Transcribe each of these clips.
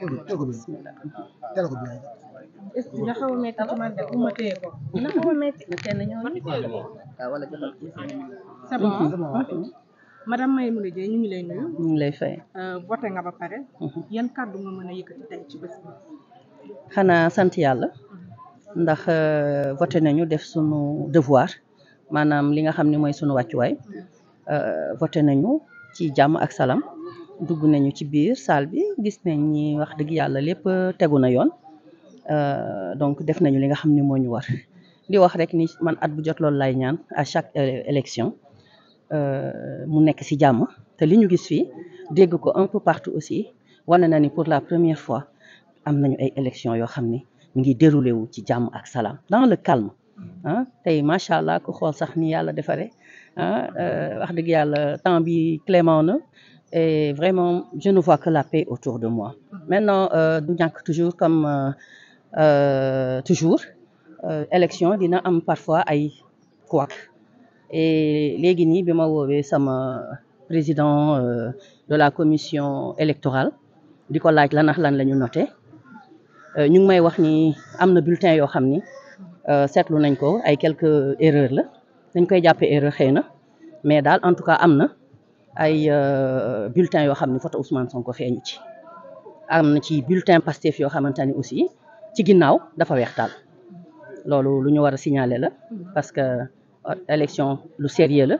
teel ko biir a métti ci ñu ngi lay nuyu. ñu fay. Euh, nga ba pare. Mhm. yan kàddu xanaa sant yàlla. ndax euh, voté nañu def sunu devoir maanaam li nga xam ne mooy sunu wàccuwaay. Mhm. Euh, voté nañu ci jàmm ak salam dugg nañu ci biir salle bi gis nañ ni wax dëgg yàlla lépp euh, tegu na yoon euh, donc def nañu li nga xam ni moo ñu war di wax rek ni man at bu jot loolu lay ñaan à chaque euh, élection mu nekk ci jàmm te li ñu gis fii dégg ko un peu partout aussi wane na ni pour la première fois am nañu ay élection yoo xam ni mu ngi déroulé wu ci jàmm ak salaam dans le calme tey macha allah ku xool sax ni yàlla defaree wax dëgg yàlla temps bi clément na et vraiment je ne vois que la paix autour de moi maintenant euh, du ñàkk toujours comme euh, euh, toujours élection dina am parfois ay couac et léegi nii bi ma woowee sama président de la commission électorale di ko laaj la nax lan lañu ñu noté ñu ngi may wax ni am na bulletin yoo xam ni seetlu nañ ko ay quelques erreurs la dañ koy jàppee erreur xëy na mais daal en tout cas am na ay euh, bulletins yoo xam ne photo Ousmane Sonko feeñu ci am na ci bulletin Pastef yoo xamante ni aussi ci ginnaaw dafa weex loolu lu ñu war a signaler la parce que euh, élection lu sérieux la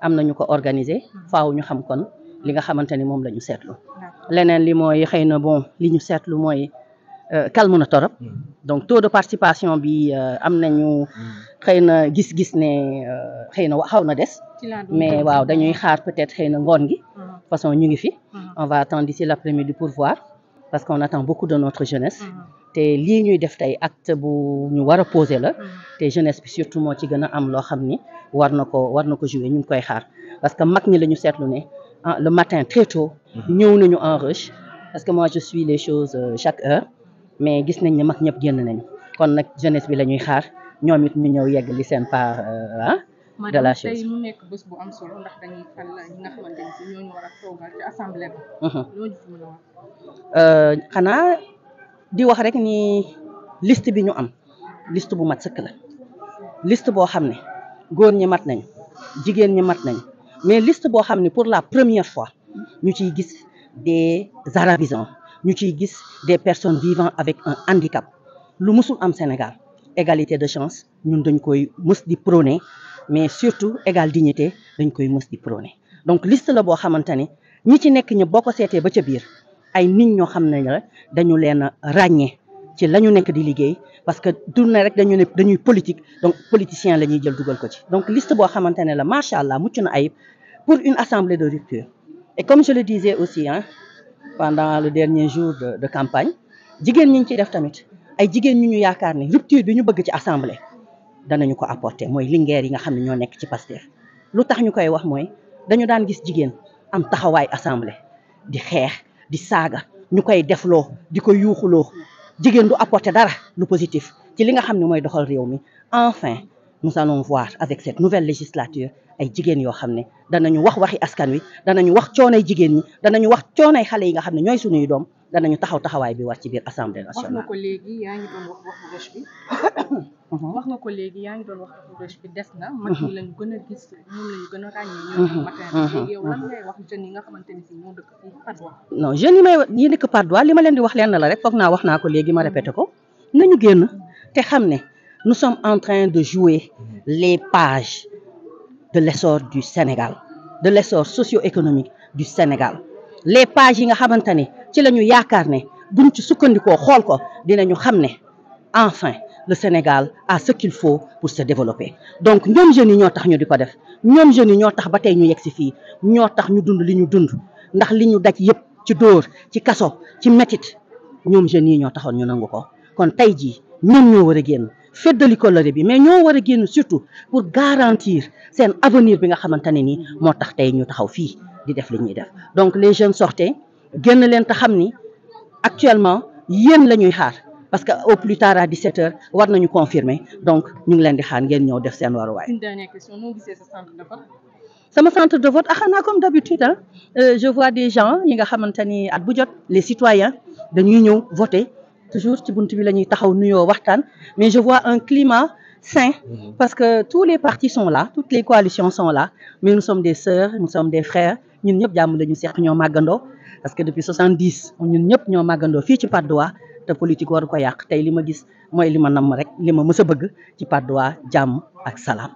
am na ñu ko organiser faaw ñu xam kon li nga xamante ni moom la seetlu leneen li mooy xëy na bon li ñu seetlu mooy euh, calme na torop hmm. donc taux de participation bi euh, am nañu xëy na gis-gis ne euh, xëy na xaw na des mais waaw dañuy xaar peut-être xëy na ngoon gi ah. façon ñu ngi fi ah. on va attendre d'ici l'après-midi pour voir parce qu'on attend beaucoup de notre jeunesse ah. te lii ñuy def tey acte bu ñu war a poser la te jeunesse bi surtout moo ci gën a am loo xam ni war na ko war na ko jouer ñu ngi koy xaar parce que mag ñi la ñu seetlu ne le matin très tôt mmh. ñëw nañu en rush parce que moi je suis les choses euh, chaque heure mais gis nañ ne mag ñëpp génn nañ kon nag jeunesse bi la ñuy xaar ñoom it ñu ñëw yegg li seen part euh, ah, de la chose mu bés bu am solo ndax a toogal ci assemblée uh-huh. euh, di wax rek ni liste bi ñu am liste bu mat sëkk la liste boo xam ne góor ñi mat nañ jigéen ñi mat nañ mais liste boo xam ne pour la première fois ñu ci gis des arabisants. ñu ciy gis des personne vivant avec un handicap lu musul am Sénégal égalité de chance ñun dañ koy mës di prôner mais surtout égal dignité dañ koy mës di proné donc list la boo xamante ne ñi ci nekk ñu boo ko seetee ba ca biir ay nit ñoo xam nañ la dañu leen a ràññee ci la ñu nekk di liggéey parce que du ne rek dañu ne dañuy politique donc politicien la ñuy jël dugal ko ci donc list boo xamante ne la macha allah mucc na ayib pour une assemblée de rupture et comme pendant le dernier jour de de campagne jigéen ñi ñu ciy def tamit ay jigéen ñu ñu yaakaar ni rupture bi ñu bëgg ci assemblée danañu ko apporter mooy lingeer yi nga xam ne ñoo nekk ci Pastef lu tax ñu koy wax mooy dañu daan gis jigéen am taxawaay assemblée di xeex di saaga ñu koy defloo di ko yuuxuloo jigéen du apporter dara lu positif ci li nga xam ne mooy doxal réew mi enfin nous allons voir avec cette nouvelle législature ay jigéen yoo xam ne danañu wax waxi askan wi danañu wax coonay jigéen ñi danañu wax coonay xale yi nga xam ne ñooy sunuy doom danañu taxaw taxawaay bi war ci biir assemblée nationale. Mhm. wax nga ko léegi yaa ngi doon wax wax nga ko léegi yaa ngi doon wax des na. Mhm. mag ñi lañ gën a gis ñoom lañ gën a ràññee. ñoom mhm. matin léegi yow lan yi nga xamante ni si ñoo dëkk fii Patte li ma leen di wax leen na la rek foog naa wax naa ko léegi ma répété ko nañu génn te xam ne nous sommes en train de jouer les pages de l'essor du Sénégal de l'essor socio-économique du Sénégal les pages yi nga xamante ne ci la ñu yaakaar ne buñ sukkandikoo xool ko dinañu xam ne enfin le Sénégal a ce faut pour se développer donc ñoom jeunes yi ñoo tax ñu di ko def ñoom jeunes yi ñoo tax ba tey ñu yegg si fii ñoo tax ñu dund li ñu dund ndax li ñu daj yëpp ci dóor ci kaso ci metit ñoom jeunes yi ñoo taxoon ñu nangu ko kon tey jii ñoom ñoo war a génn feddali kóllëre bi mais ñoo war a génn surtout pour garantir seen avenir bi nga xamante ne nii moo tax tey ñu taxaw fii di def li ñuy def donc les jeunes sortez génn leen te xam ni actuellement yéen la ñuy xaar parce que au plus tard à 17h war nañu confirmer donc ñu ngi leen di xaar ngeen ñëw def seen waruwaay. une dernière question noo gisee sa centre de vote. sama centre de vote ah xanaa comme d'habitude ah je vois des gens yi nga xamante ni at bu jot les citoyens dañuy ñëw voter. toujours ci bunt bi la ñuy taxaw nuyoo waxtaan mais je vois un climat sain mhm. parce que tous les partis sont là toutes les coalitions sont là mais nous sommes des sœurs nous sommes des frères ñun ñëpp jàmm la ñu seq ñoo màggandoo parce que depuis soixante-dix ñun ñëpp ñoo màggandoo fii ci Patte d'Oie te politique waru ko yàq tey li ma gis mooy li ma namm rek li ma mës a bëgg ci Patte jàmm ak salaam